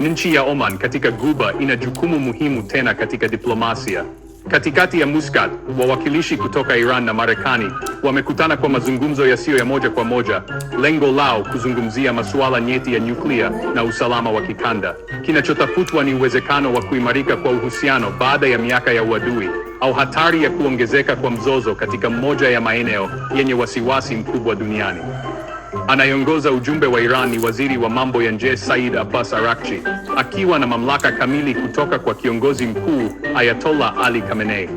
Nchi ya Oman katika guba ina jukumu muhimu tena katika diplomasia. Katikati ya Muscat, wawakilishi kutoka Iran na Marekani wamekutana kwa mazungumzo yasiyo ya moja kwa moja, lengo lao kuzungumzia masuala nyeti ya nyuklia na usalama wa kikanda. Kinachotafutwa ni uwezekano wa kuimarika kwa uhusiano baada ya miaka ya uadui au hatari ya kuongezeka kwa mzozo katika moja ya maeneo yenye wasiwasi mkubwa duniani. Anayeongoza ujumbe wa Iran ni waziri wa mambo ya nje Said Abbas arakchi akiwa na mamlaka kamili kutoka kwa kiongozi mkuu Ayatollah Ali Khamenei.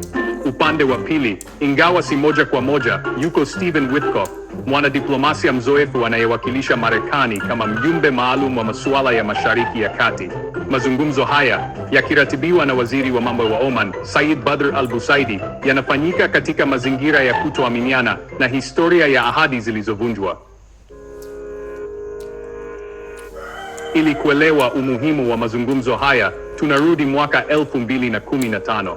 Upande wa pili, ingawa si moja kwa moja, yuko Stephen Witkoff, mwanadiplomasia mzoefu anayewakilisha Marekani kama mjumbe maalum wa masuala ya Mashariki ya Kati. Mazungumzo haya yakiratibiwa na waziri wa mambo wa Oman Said Badr Al Busaidi yanafanyika katika mazingira ya kutoaminiana na historia ya ahadi zilizovunjwa. Ili kuelewa umuhimu wa mazungumzo haya, tunarudi mwaka 2015.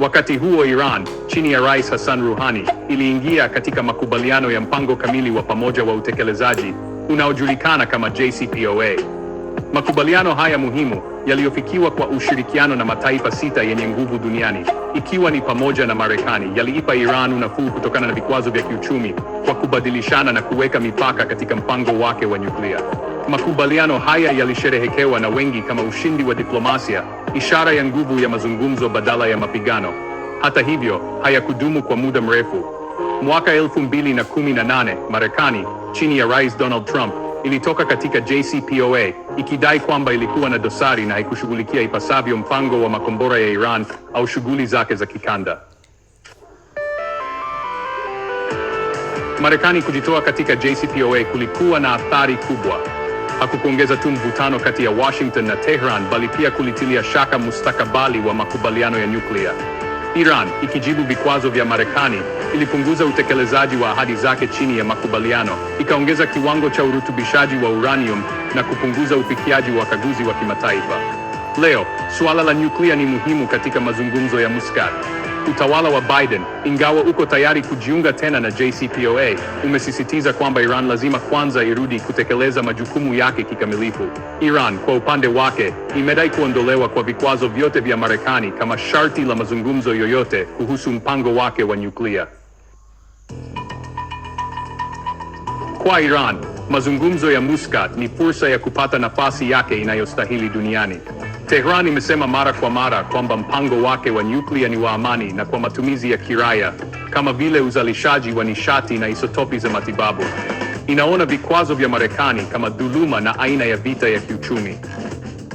Wakati huo Iran chini ya Rais Hassan Rouhani iliingia katika makubaliano ya mpango kamili wa pamoja wa utekelezaji unaojulikana kama JCPOA. Makubaliano haya muhimu yaliyofikiwa kwa ushirikiano na mataifa sita yenye nguvu duniani ikiwa ni pamoja na Marekani yaliipa Iran unafuu kutokana na vikwazo vya kiuchumi kwa kubadilishana na kuweka mipaka katika mpango wake wa nyuklia. Makubaliano haya yalisherehekewa na wengi kama ushindi wa diplomasia, ishara ya nguvu ya mazungumzo badala ya mapigano. Hata hivyo, hayakudumu kwa muda mrefu. Mwaka 2018, Marekani chini ya Rais Donald Trump ilitoka katika JCPOA ikidai kwamba ilikuwa na dosari na haikushughulikia ipasavyo mpango wa makombora ya Iran au shughuli zake za kikanda. Marekani kujitoa katika JCPOA kulikuwa na athari kubwa hakukuongeza tu mvutano kati ya Washington na Tehran bali pia kulitilia shaka mustakabali wa makubaliano ya nyuklia. Iran ikijibu vikwazo vya Marekani ilipunguza utekelezaji wa ahadi zake chini ya makubaliano, ikaongeza kiwango cha urutubishaji wa uranium na kupunguza ufikiaji wa kaguzi wa kimataifa. Leo suala la nyuklia ni muhimu katika mazungumzo ya Muscat. Utawala wa Biden, ingawa uko tayari kujiunga tena na JCPOA, umesisitiza kwamba Iran lazima kwanza irudi kutekeleza majukumu yake kikamilifu. Iran kwa upande wake, imedai kuondolewa kwa vikwazo vyote vya Marekani kama sharti la mazungumzo yoyote kuhusu mpango wake wa nyuklia. Kwa Iran, mazungumzo ya Muscat ni fursa ya kupata nafasi yake inayostahili duniani. Tehran imesema mara kwa mara kwamba mpango wake wa nyuklia ni wa amani na kwa matumizi ya kiraia kama vile uzalishaji wa nishati na isotopi za matibabu. Inaona vikwazo vya Marekani kama dhuluma na aina ya vita ya kiuchumi.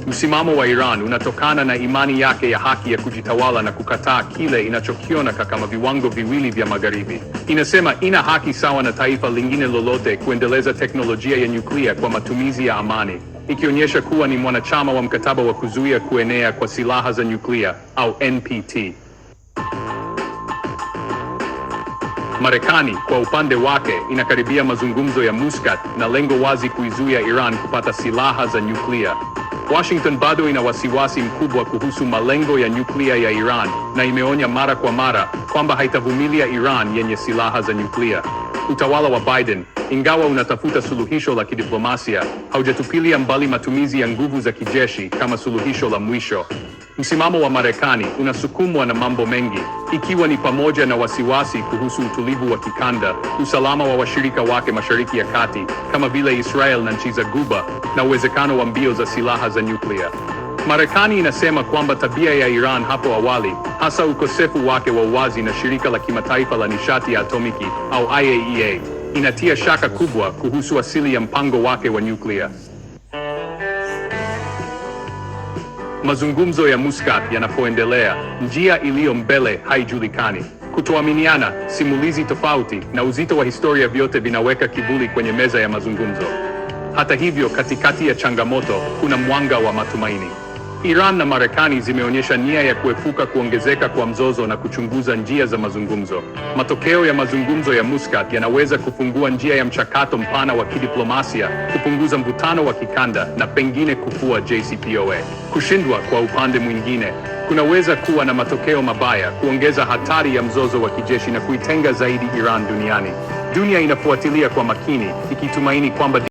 Msimamo wa Iran unatokana na imani yake ya haki ya kujitawala na kukataa kile inachokiona kama viwango viwili vya Magharibi. Inasema ina haki sawa na taifa lingine lolote kuendeleza teknolojia ya nyuklia kwa matumizi ya amani, ikionyesha kuwa ni mwanachama wa mkataba wa kuzuia kuenea kwa silaha za nyuklia au NPT. Marekani kwa upande wake inakaribia mazungumzo ya Muscat na lengo wazi kuizuia Iran kupata silaha za nyuklia. Washington bado ina wasiwasi mkubwa kuhusu malengo ya nyuklia ya Iran na imeonya mara kwa mara kwamba haitavumilia Iran yenye silaha za nyuklia. Utawala wa Biden, ingawa unatafuta suluhisho la kidiplomasia, haujatupilia mbali matumizi ya nguvu za kijeshi kama suluhisho la mwisho. Msimamo wa Marekani unasukumwa na mambo mengi, ikiwa ni pamoja na wasiwasi kuhusu utulivu wa kikanda, usalama wa washirika wake Mashariki ya Kati kama vile Israel na nchi za Guba, na uwezekano wa mbio za silaha za nyuklia. Marekani inasema kwamba tabia ya Iran hapo awali, hasa ukosefu wake wa uwazi na shirika la kimataifa la nishati ya atomiki au IAEA, e inatia shaka kubwa kuhusu asili ya mpango wake wa nyuklia. Mazungumzo ya Muscat yanapoendelea, njia iliyo mbele haijulikani. Kutoaminiana, simulizi tofauti na uzito wa historia, vyote vinaweka kivuli kwenye meza ya mazungumzo. Hata hivyo, katikati ya changamoto kuna mwanga wa matumaini. Iran na Marekani zimeonyesha nia ya kuepuka kuongezeka kwa mzozo na kuchunguza njia za mazungumzo. Matokeo ya mazungumzo ya Muscat yanaweza kufungua njia ya mchakato mpana wa kidiplomasia, kupunguza mvutano wa kikanda na pengine kufua JCPOA. Kushindwa kwa upande mwingine kunaweza kuwa na matokeo mabaya, kuongeza hatari ya mzozo wa kijeshi na kuitenga zaidi Iran duniani. Dunia inafuatilia kwa makini ikitumaini kwamba